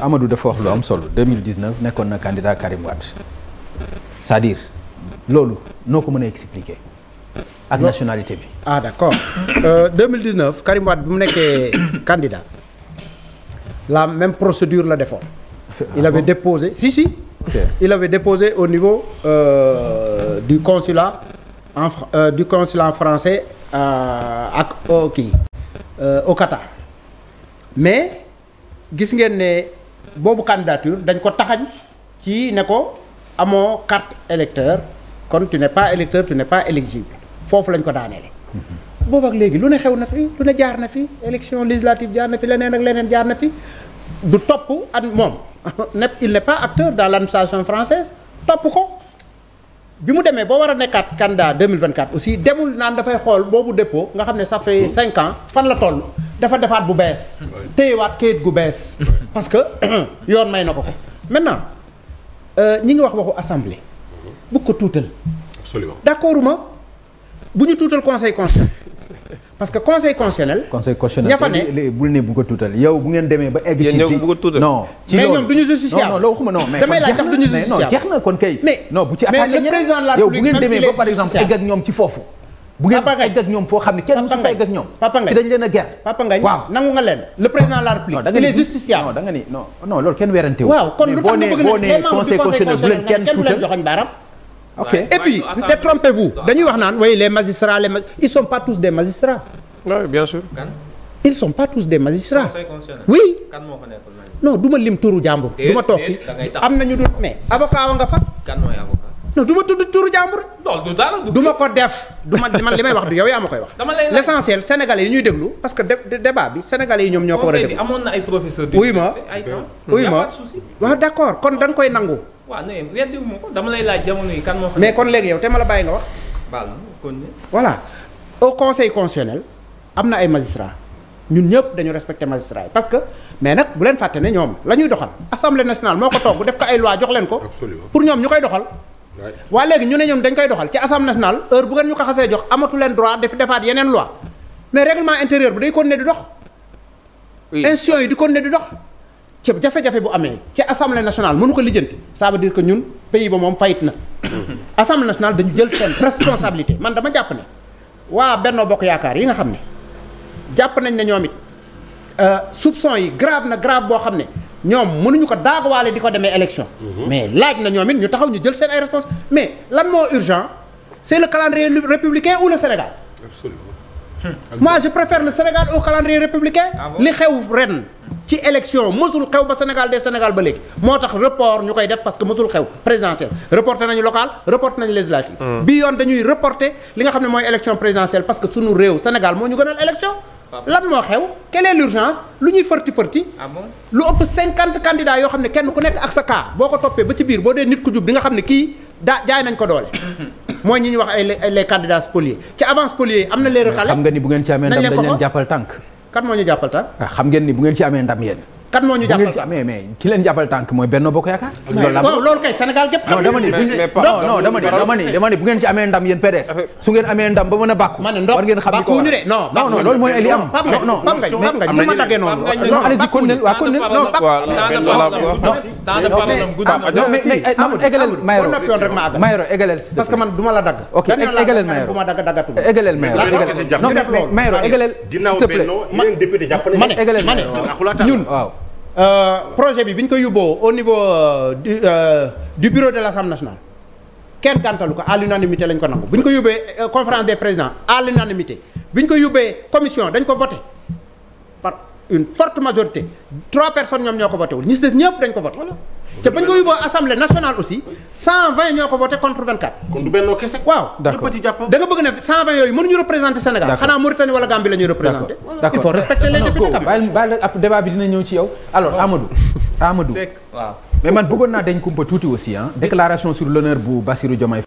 Amadou dafa wax lu am solo 2019 nekkoon na candidat Karim Wade c'est-à-dire loolu noo ko mën a expliquer. ak nationalité bi. ah d'accord euh, 2019 Karim Wade bi mu nekkee candidat la même procédure la defoon. Ah il avait déposé si si. il avait déposé au niveau euh, du consulat en euh, du consulat français ak kii euh, au Qatar mais gis ngeen ne. boobu candidature dañ ko taxañ ci ne ko amoo carte électeur kon tu n'es pas électeur tu n'es pas éligible foofu lañ ko daaneele boobu ak léegi lu ne xew na fi lu ne jaar na fi élection législative jaar na fi leneen ak leneen jaar na fi du topp at moom nepp il n'est pas acteur dans l'administration française topp ko bi mu demee boo war a nekkaat candidat 2024 aussi demul naan dafay xool boobu dépôt nga xam ne ça fait 5 ans fan la toll dafa defaat bu bees téyewaat kayit gu bees parce que yoon may na ko ko maintenant euh, ñi ngi wax waxu assemblée mhm. bu ko tuutal absolument bu ñu tuutal conseil constitutionnel parce que conseil constitutionnel. ña fa ne bul ne bu ko tuutal yow bu ngeen demee ba. egg ci ci non. ci loolu mais ñoom du ñu justiciable non non jeex na kon kay. non bu ci attaqué yow bu ngeen demee ba par exemple egg ak ñoom ci foofu. bu ngeen egg ak ñoom foo xam ne kenn musu fa egg ak ñoom papa ngay ci dañ leen a ger papa ngay waaw nangu nga leen le président de la république il est justiciable non da nga ni non non loolu kenn werante wu waaw kon lu tax nga bëgg boo nee conseil constitutionnel bu leen kenn tuutal joxoñ baaram ok et puis détrompez-vous dañuy wax naan way les magistrats les ils sont pas tous des magistrats oui bien sûr ils sont pas tous des magistrats oui non du ma lim turu jàmbur du ma toog fi am nañu dul mais avocat wa nga fa kan mooy avocat non du ma tudd turu jàmbur. loolu du dara du ko def. du ma man li may wax du yow yaa ma koy wax. dama lay l'essentiel sénégalais yi ñuy déglu parce que débat bi sénégalais yi ñoom ñoo ko war a déglu. ay professeurs. wuy ma kon da koy nangu. dama lay laaj jamono yi kan moo. mais kon léegi yow te ma la bàyyi nga wax. baal ma kon voilà au conseil constitutionnel am na ay magistrats ñun ñëpp dañu respecté magistrats yi parce que mais nag bu leen fàtte ne ñoom la ñuy doxal assemblée nationale moo ko togg def ko ay loi jox leen ko. pour ñoom ñu koy doxal waa léegi ñu ne ñun dañ koy doxal ci assemblée nationale heure bu ngeen ñu ko xasee jox amatu leen droit def defaat yeneen loi mais règlement intérieur bi day continuer di dox. institutions yi di kon continuer di dox. ci jafe-jafe bu amee ci assemblée national mënu ko lijjanti ça veut dire que ñun pays ba moom fayit na. assemblée nationale dañu jël seen responsabilité man dama jàpp ne waa Benno Bokk Yaakaar yi nga xam ne jàpp nañ ne ñoom it euh, soupçon yi grave na grave boo xam ne. ñoom mënuñu ko daaguwaale di ko demee élection. Mhm. mais laaj na ñoom it ñu taxaw ñu jël seen ay respons mais lan moo urgent c'est le calendrier républicain ou le Sénégal. Absolument. Hmm. moi je préfère le Sénégal au calendrier républicain. Ah li xew ren ci élection mësul xew ba Sénégal des Sénégal ba léegi moo tax report ñu koy def parce que mësul xew présidentielle reporté nañu local reporté nañu législative. Hmm. bi yoon dañuy reporté li nga xam ne mooy élection présidentielle parce que sunu réew Sénégal moo ñu gënal élection. lan moo xew quelle est l'urgence lu ñuy fërti fërti ah lu ëpp cinquante candidats yoo xam ne kenn ku nekk ak sa cas boo ko toppee ba ci biir boo dee nit ku jub di nga xam ne kii daa jaay nañ ko doole mooy ñi ñu wax ay les candidats spoliés ci avance spoliés am na les recalés xam nga ni bu ngeen ci amee ndam dañ leen jàppal tànk kan moo ñu jàppal tànk ah, xam ngeen ni bu ngeen ci amee ndam yéen kan moo ñu jàppal mais mais ki leen jàppal mooy Benno Bokk Yaakaar. loolu kay Sénégal bu ngeen ci amee ndam yéen PDS su ngeen amee ndam ba mën a bàkku war ngeen xam ko non mooy li am non non su ma daggee Euh, projet bi bi ñu ko yóbboo au niveau euh, du euh, du bureau de l'Assemblée nationale kenn gàntalu ko à l'unanimité lañ ko nangu bu ñu ko yóbbee conférence des présidents à l'unanimité bi ñu ko yóbbee commission dañ ko voté par une forte majorité trois personnes ñoom ñoo ko voté wul ñi si ñëpp dañ ko voté te bañ ko yóbboo assemblée nationale aussi 120 ñoo ko voté contre 24. kon du benn kese. waaw da yooyu mënuñu représenter Sénégal. xanaa Mauritanie wala Gambie la ñuy représenter. il faut respecter les députés. bi dina ñëw ci yow. alors Amadou. Amadou Seck man bëggoon naa dañ kumpa tuuti aussi ah. déclaration sur l'honneur bu Bassirou Diomaye